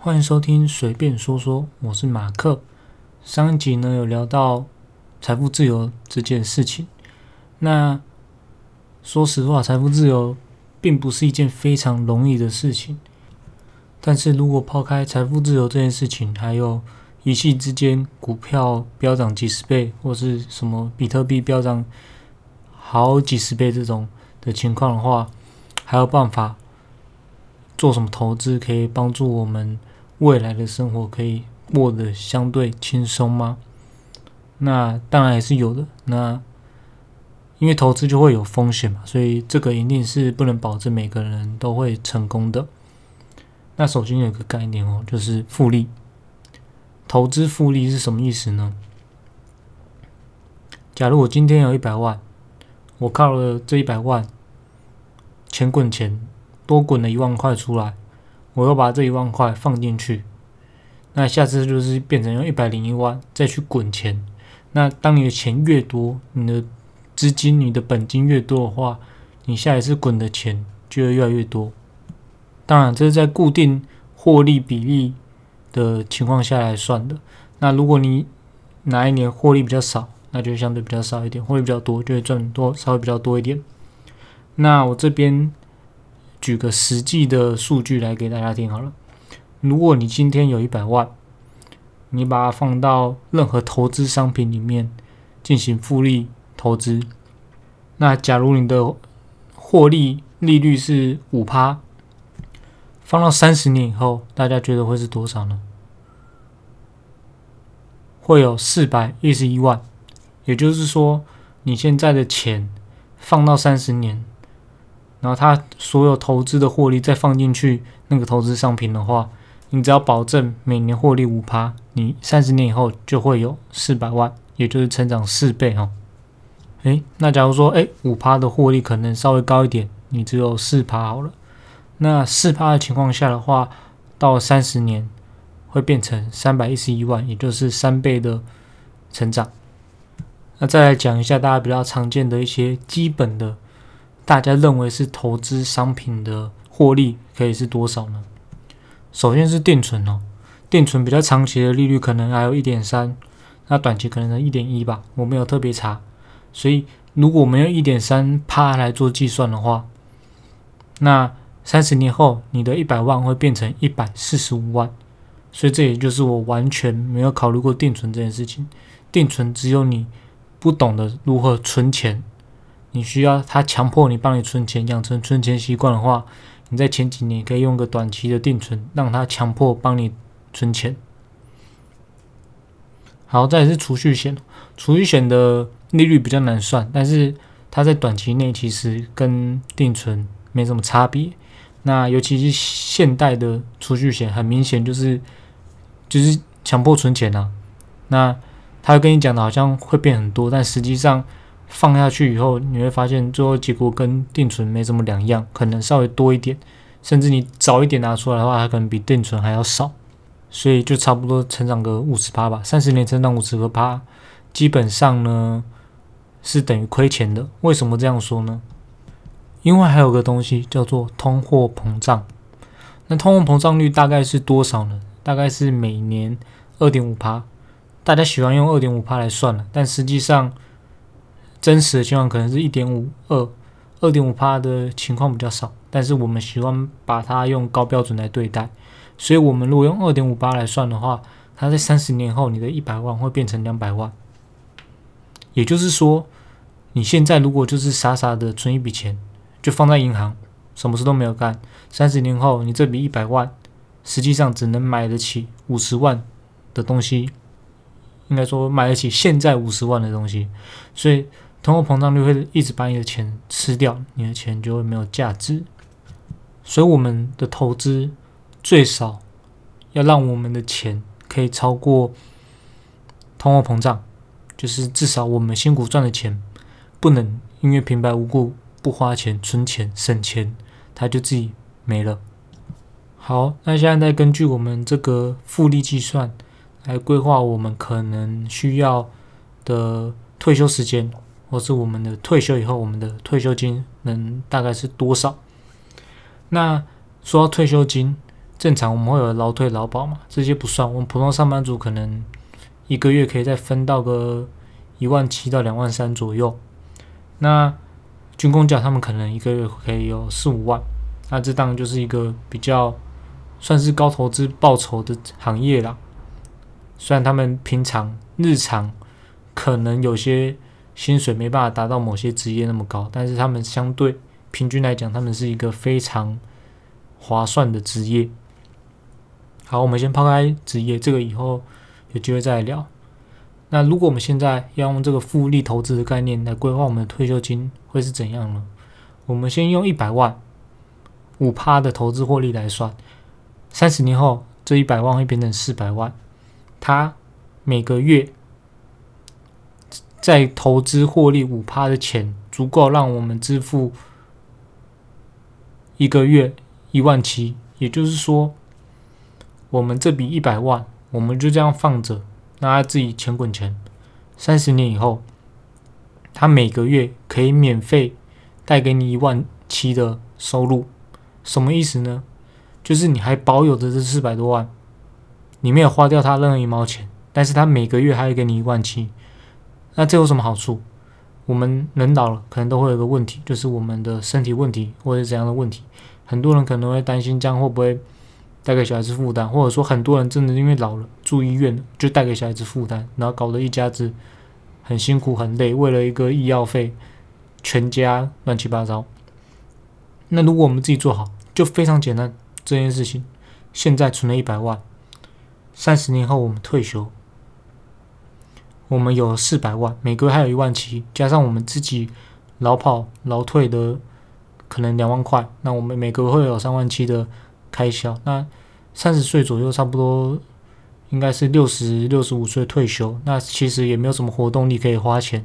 歡迎收聽隨便說說，我是馬克。上一集呢有聊到財富自由這件事情。那說實話，財富自由並不是一件非常容易的事情。但是如果拋開財富自由這件事情，還有一夕之間股票飆漲幾十倍，或是什麼比特幣飆漲好幾十倍這種的情況的話，還有辦法做什麼投資可以幫助我們未來的生活可以過得相對輕鬆嗎？那當然還是有的。那因為投資就會有風險嘛，所以這個一定是不能保證每個人都會成功的。那首先有一個概念哦，就是複利。投資複利是什麼意思呢？假如我今天有一百萬，我靠了這一百萬，錢滾錢，多滾了一萬塊出來。我要把這一萬塊放進去，那下次就是變成用一百零一萬再去滾錢。那當你的錢越多，你的資金、你的本金越多的話，你下一次滾的錢就會越來越多。當然，這是在固定獲利比例的情況下來算的。那如果你哪一年獲利比較少，那就相對比較少一點；獲利比較多，就會賺多，稍微比較多一點。那我這邊。舉個實際的數據來給大家聽好了。如果你今天有一百萬，你把它放到任何投資商品裡面進行複利投資，那假如你的獲利利率是五趴，放到三十年以後，大家覺得會是多少呢？會有四百一十一萬。也就是說，你現在的錢放到三十年。然後他所有投資的獲利再放進去那個投資商品的話，你只要保證每年獲利五趴，你三十年以後就會有四百萬，也就是成長四倍哦。哎，那假如說哎五趴的獲利可能稍微高一點，你只有四趴好了。那四趴的情況下的話，到三十年會變成三百一十一萬，也就是三倍的成長。那再來講一下大家比較常見的一些基本的。大家認為是投資商品的獲利可以是多少呢？首先是定存哦，定存比較長期的利率可能還有一點三，那短期可能是一點一吧，我沒有特別查。所以，如果沒有一點三趴來做計算的話，那三十年後你的一百萬會變成一百四十五萬。所以，這也就是我完全沒有考慮過定存這件事情。定存只有你不懂得如何存錢。你需要他強迫你幫你存錢，養成存錢習慣的話，你在前幾年可以用個短期的定存，讓他強迫幫你存錢。好，再來是儲蓄險，儲蓄險的利率比較難算，但是它在短期內其實跟定存沒什麼差別。那尤其是現代的儲蓄險，很明顯就是就是強迫存錢啊。那他跟你講的好像會變很多，但實際上。放下去以後，你會發現最後結果跟定存沒什麼兩樣，可能稍微多一點，甚至你早一點拿出來的話，它可能比定存還要少，所以就差不多成長個五十趴吧。三十年成長五十個趴，基本上呢是等於虧錢的。為什麼這樣說呢？因為還有個東西叫做通貨膨脹。那通貨膨脹率大概是多少呢？大概是每年二點五趴，大家喜歡用二點五趴來算了，但實際上。真實的情況可能是一點五二、二點五趴的情況比較少，但是我們喜歡把它用高標準來對待。所以，我們如果用二點五八來算的話，它在三十年後，你的一百萬會變成兩百萬。也就是說，你現在如果就是傻傻的存一筆錢，就放在銀行，什麼事都沒有幹，三十年後，你這筆一百萬，實際上只能買得起五十萬的東西。應該說，買得起現在五十萬的東西。所以。通貨膨脹率會一直把你的錢吃掉，你的錢就會沒有價值。所以我們的投資最少要讓我們的錢可以超過通貨膨脹，就是至少我們辛苦賺的錢不能因為平白無故不花錢、存錢、省錢，它就自己沒了。好，那現在再根據我們這個複利計算來規劃，我們可能需要的退休時間。或是我們的退休以後，我們的退休金能大概是多少？那說到退休金，正常我們會有勞退、勞保嘛，這些不算。我們普通上班族可能一個月可以再分到個一萬七到兩萬三左右。那軍公教他們可能一個月可以有四五萬，那這當然就是一個比較算是高投資報酬的行業啦。雖然他們平常日常可能有些。薪水沒辦法達到某些職業那麼高，但是他們相對平均來講，他們是一個非常划算的職業。好，我們先拋開職業這個，以後有機會再聊。那如果我們現在要用這個複利投資的概念來規劃我們的退休金，會是怎樣呢？我們先用一百萬五趴的投資獲利來算，三十年後這一百萬會變成四百萬。它每個月。在投資獲利五趴的錢，足夠讓我們支付一個月一萬七。也就是說，我們這筆一百萬，我們就這樣放着，讓他自己錢滾錢。三十年以後，他每個月可以免費帶給你一萬七的收入。什麼意思呢？就是你還保有的這四百多萬，你沒有花掉他任何一毛錢，但是他每個月還要給你一萬七。那這有什麼好處？我們人老了，可能都會有一個問題，就是我們的身體問題或者是怎樣的問題。很多人可能會擔心，這樣會不會帶給小孩子負擔？或者說，很多人真的因為老了住醫院了，就帶給小孩子負擔，然後搞得一家子很辛苦、很累，為了一個醫藥費，全家亂七八糟。那如果我們自己做好，就非常簡單。這件事情，現在存了一百萬，三十年後我們退休。我們有四百萬，每個月還有一萬七，加上我們自己勞保勞退的可能兩萬塊，那我們每個月會有三萬七的開銷。那三十歲左右，差不多應該是六十六十五歲退休，那其實也沒有什麼活動力可以花錢，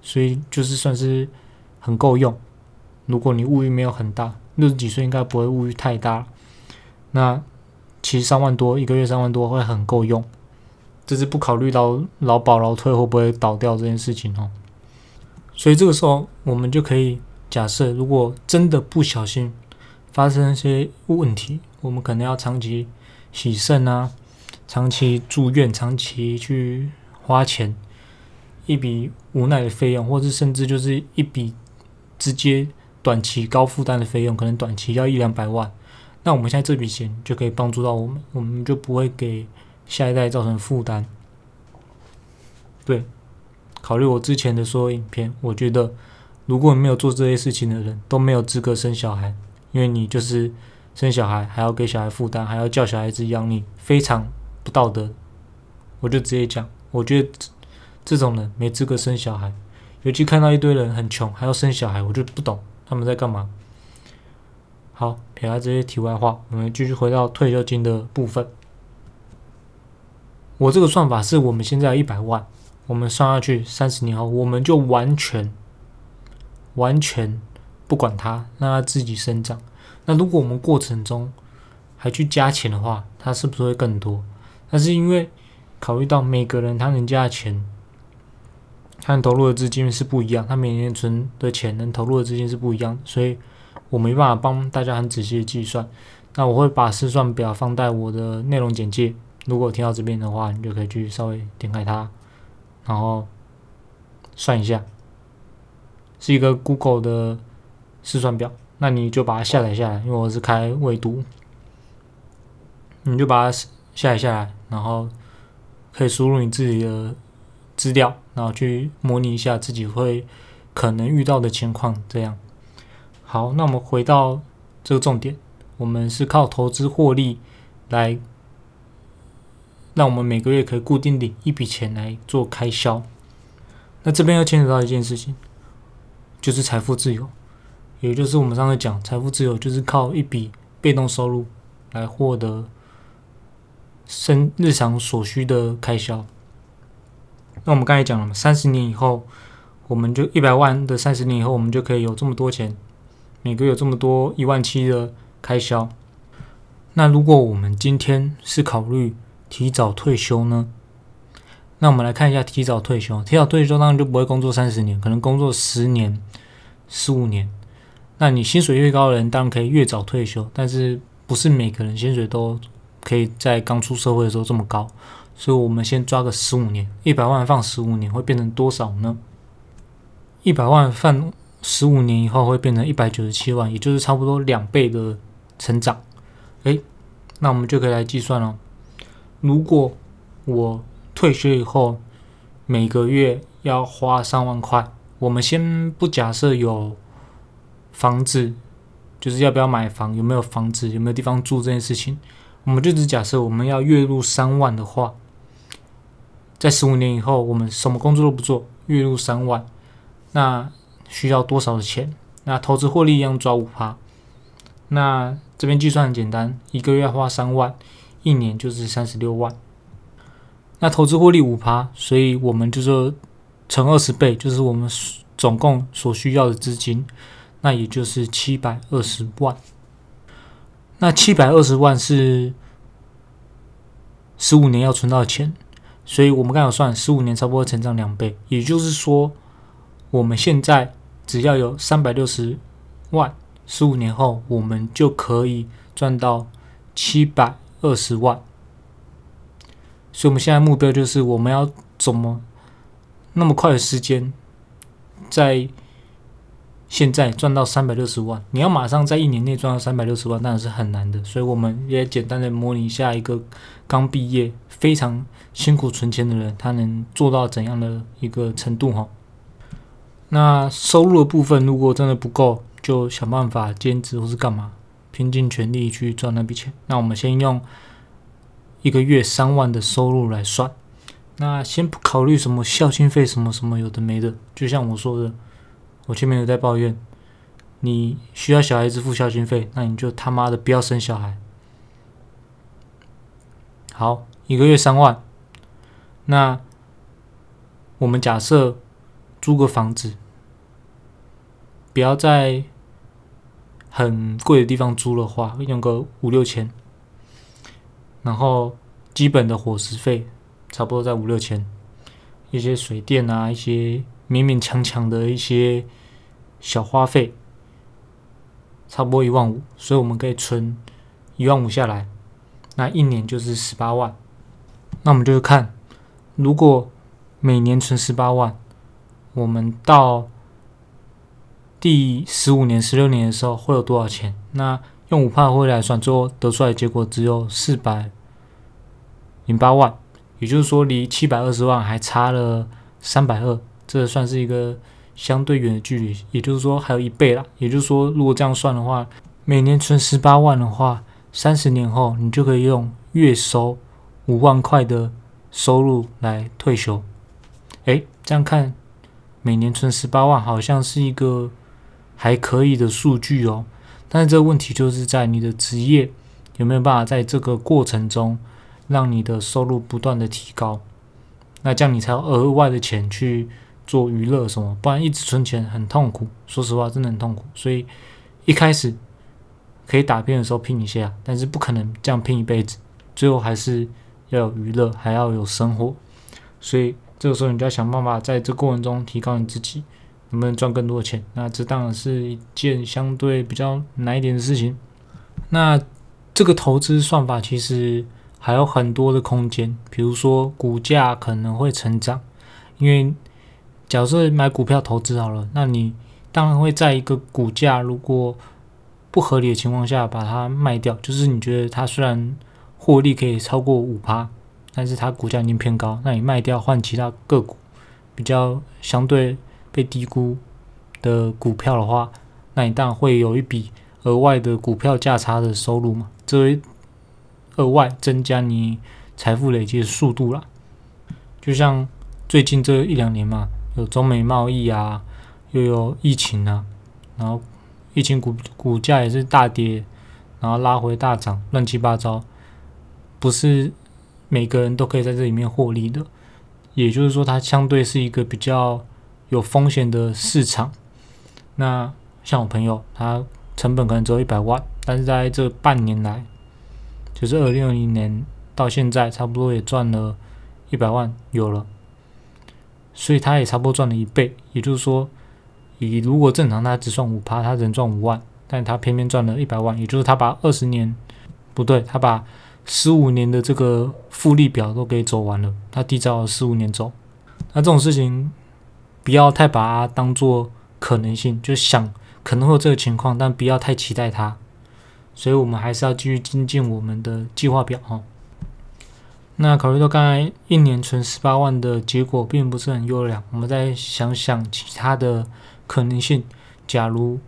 所以就是算是很夠用。如果你物欲沒有很大，六十幾歲應該不會物欲太大，那其實三萬多一個月三萬多會很夠用。這是不考慮到勞保勞退會不會倒掉這件事情哦，所以這個時候我們就可以假設，如果真的不小心發生一些問題，我們可能要長期洗腎啊，長期住院，長期去花錢，一筆無奈的費用，或者甚至就是一筆直接短期高負擔的費用，可能短期要一兩百萬，那我們現在這筆錢就可以幫助到我們，我們就不會給。下一代造成負擔，對，考慮我之前的所有影片，我覺得如果你沒有做這些事情的人，都沒有資格生小孩，因為你就是生小孩還要給小孩負擔，還要叫小孩子養你，非常不道德。我就直接講，我覺得這種人沒資格生小孩，尤其看到一堆人很窮還要生小孩，我就不懂他們在幹嘛。好，撇開這些題外話，我們繼續回到退休金的部分。我這個算法是我們現在一百萬，我們算下去三十年後，我們就完全完全不管它，讓它自己生長。那如果我們過程中還去加錢的話，它是不是會更多？那是因為考慮到每個人他能加的錢，他能投入的資金是不一樣，他每年存的錢，能投入的資金是不一樣，所以我沒辦法幫大家很仔細的計算。那我會把試算表放在我的內容簡介。如果聽到這邊的話，你就可以去稍微點開它，然後算一下，是一個 Google 的試算表。那你就把它下載下來，因為我是開唯讀。你就把它下載下來，然後可以輸入你自己的資料，然後去模擬一下自己會可能遇到的情況。這樣好，那我們回到這個重點，我們是靠投資獲利來。那我們每個月可以固定領一筆錢來做開銷。那這邊又牽扯到一件事情，就是財富自由，也就是我們上次講，財富自由就是靠一筆被動收入來獲得生日常所需的開銷。那我們剛才講了嘛，三十年以後，我們就一百萬的三十年以後，我們就可以有這麼多錢，每個月有這麼多一萬七的開銷。那如果我們今天是考慮。提早退休呢？那我們來看一下提早退休。提早退休當然就不會工作三十年，可能工作十年、十五年。那你薪水越高的人，當然可以越早退休，但是不是每個人薪水都可以在剛出社會的時候這麼高？所以，我們先抓個十五年，一百萬放十五年會變成多少呢？一百萬放十五年以後會變成一百九十七萬，也就是差不多兩倍的成長。哎，那我們就可以來計算了。如果我退休以後每個月要花三萬塊，我們先不假設有房子，就是要不要買房，有沒有房子，有沒有地方住這件事情，我們就只假設我們要月入三萬的話，在十五年以後，我們什麼工作都不做，月入三萬，那需要多少的錢？那投資獲利一樣抓五趴，那這邊計算很簡單，一個月花三萬。一年就是三十六萬，那投資獲利五趴，所以我們就說乘二十倍，就是我們總共所需要的資金，那也就是七百二十萬。那七百二十萬是十五年要存到的錢，所以我們剛才算十五年差不多成長兩倍，也就是說我們現在只要有三百六十萬，十五年後我們就可以賺到七百。二十萬，所以我們現在目標就是，我們要怎麼那麼快的時間，在現在賺到三百六十萬？你要馬上在一年內賺到三百六十萬，當然是很難的。所以我們也簡單的模擬一下一個剛畢業、非常辛苦存錢的人，他能做到怎樣的一個程度？哈，那收入的部分如果真的不夠，就想辦法兼職或是幹嘛。拼盡全力去賺那筆錢。那我們先用一個月三萬的收入來算。那先不考慮什麼孝親費什麼什麼有的沒的。就像我說的，我前面有在抱怨。你需要小孩子付孝親費，那你就他媽的不要生小孩。好，一個月三萬。那我們假設租個房子，不要再。很貴的地方租的話，用個五六千，然後基本的伙食費差不多在五六千，一些水電啊，一些勉勉強強的一些小花費，差不多一萬五，所以我們可以存一萬五下來，那一年就是十八萬，那我們就是看，如果每年存十八萬，我們到。第十五年、十六年的時候會有多少錢？那用五趴回來算，最後得出來結果只有四百零八萬，也就是說離七百二十萬還差了三百二，這算是一個相對遠的距離。也就是說還有一倍啦，也就是說，如果這樣算的話，每年存十八萬的話，三十年後你就可以用月收五萬塊的收入來退休。哎，這樣看，每年存十八萬好像是一個。還可以的數據哦，但是這個問題就是在你的職業有沒有辦法在這個過程中讓你的收入不斷的提高？那這樣你才有額外的錢去做娛樂什麼，不然一直存錢很痛苦。說實話，真的很痛苦。所以一開始可以打拼的時候拼一下，但是不可能這樣拼一輩子。最後還是要有娛樂，還要有生活。所以這個時候你就要想辦法在這個過程中提高你自己。能不能賺更多的錢？那這當然是一件相對比較難一點的事情。那這個投資算法其實還有很多的空間，比如說股價可能會成長。因為假設買股票投資好了，那你當然會在一個股價如果不合理的情況下把它賣掉，就是你覺得它雖然獲利可以超過五趴，但是它股價已經偏高，那你賣掉換其他個股，比較相對被低估的股票的話，那你當然會有一筆額外的股票價差的收入嘛，這額外增加你財富累積的速度啦。就像最近這一兩年嘛，有中美貿易啊，又有疫情啊，然後疫情股股價也是大跌，然後拉回大漲，亂七八糟，不是每個人都可以在這裡面獲利的。也就是說，它相對是一個比較。有風險的市場，那像我朋友，他成本可能只有一百萬，但是在這半年來，就是二零二零年到現在，差不多也賺了一百萬有了，所以他也差不多賺了一倍。也就是說，你如果正常他只賺五趴，他只能賺五萬，但他偏偏賺了一百萬，也就是他把二十年，不對，他把十五年的這個複利表都給走完了，他提早十五年走，那這種事情，不要太把它當做可能性，就想可能會有這個情況，但不要太期待它。所以，我們還是要繼續精進我們的計劃表。那考慮到剛才一年存十八萬的結果並不是很優良，我們再想想其他的可能性。假如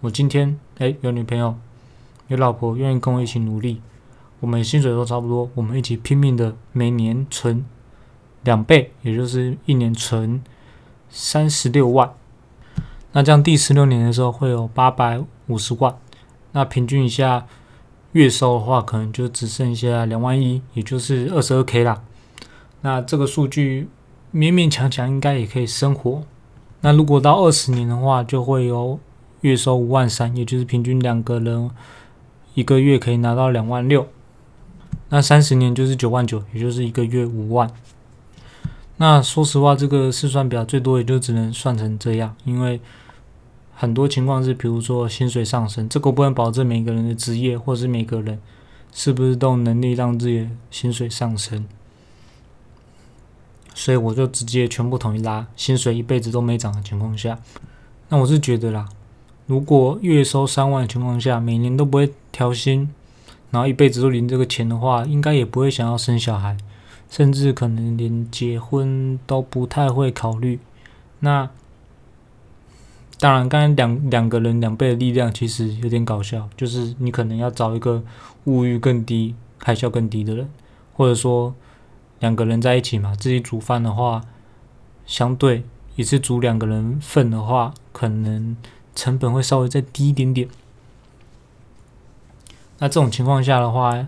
我今天誒、欸、有女朋友、有老婆，願意跟我一起努力，我們薪水都差不多，我們一起拼命的，每年存兩倍，也就是一年存。三十六萬，那這樣第十六年的時候會有八百五十萬，那平均一下月收的話，可能就只剩下兩萬一，也就是二十二 K 啦。那這個數據勉勉強強應該也可以生活。那如果到二十年的話，就會有月收五萬三，也就是平均兩個人一個月可以拿到兩萬六。那三十年就是九萬九，也就是一個月五萬。那說實話，這個試算表最多也就只能算成這樣，因為很多情況是，比如說薪水上升，這個不能保證每個人的職業或是每個人是不是都能力讓自己薪水上升，所以我就直接全部統一拉，薪水一輩子都沒漲的情況下，那我是覺得啦，如果月收三萬的情況下，每年都不會調薪，然後一輩子都領這個錢的話，應該也不會想要生小孩。甚至可能連結婚都不太會考慮。那當然，剛才兩兩個人兩倍的力量其實有點搞笑，就是你可能要找一個物慾更低、開銷更低的人，或者說兩個人在一起嘛，自己煮飯的話，相對一次煮兩個人份的話，可能成本會稍微再低一點點。那這種情況下的話，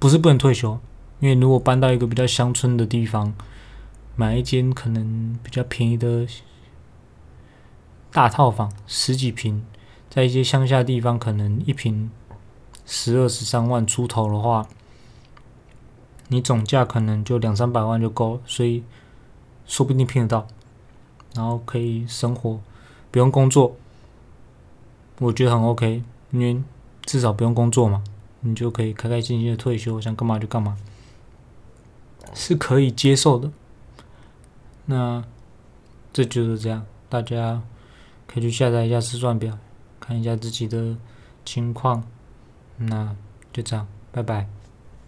不是不能退休。因為如果搬到一個比較鄉村的地方，買一間可能比較便宜的大套房，十幾平，在一些鄉下的地方，可能一平十二十三萬出頭的話，你總價可能就兩三百萬就夠了。所以說不定拼得到，然後可以生活不用工作，我覺得很 OK，因為至少不用工作嘛，你就可以開開心心的退休，想幹嘛就幹嘛。是可以接受的，那這就是這樣，大家可以去下載一下試算表，看一下自己的情況，那就這樣，拜拜。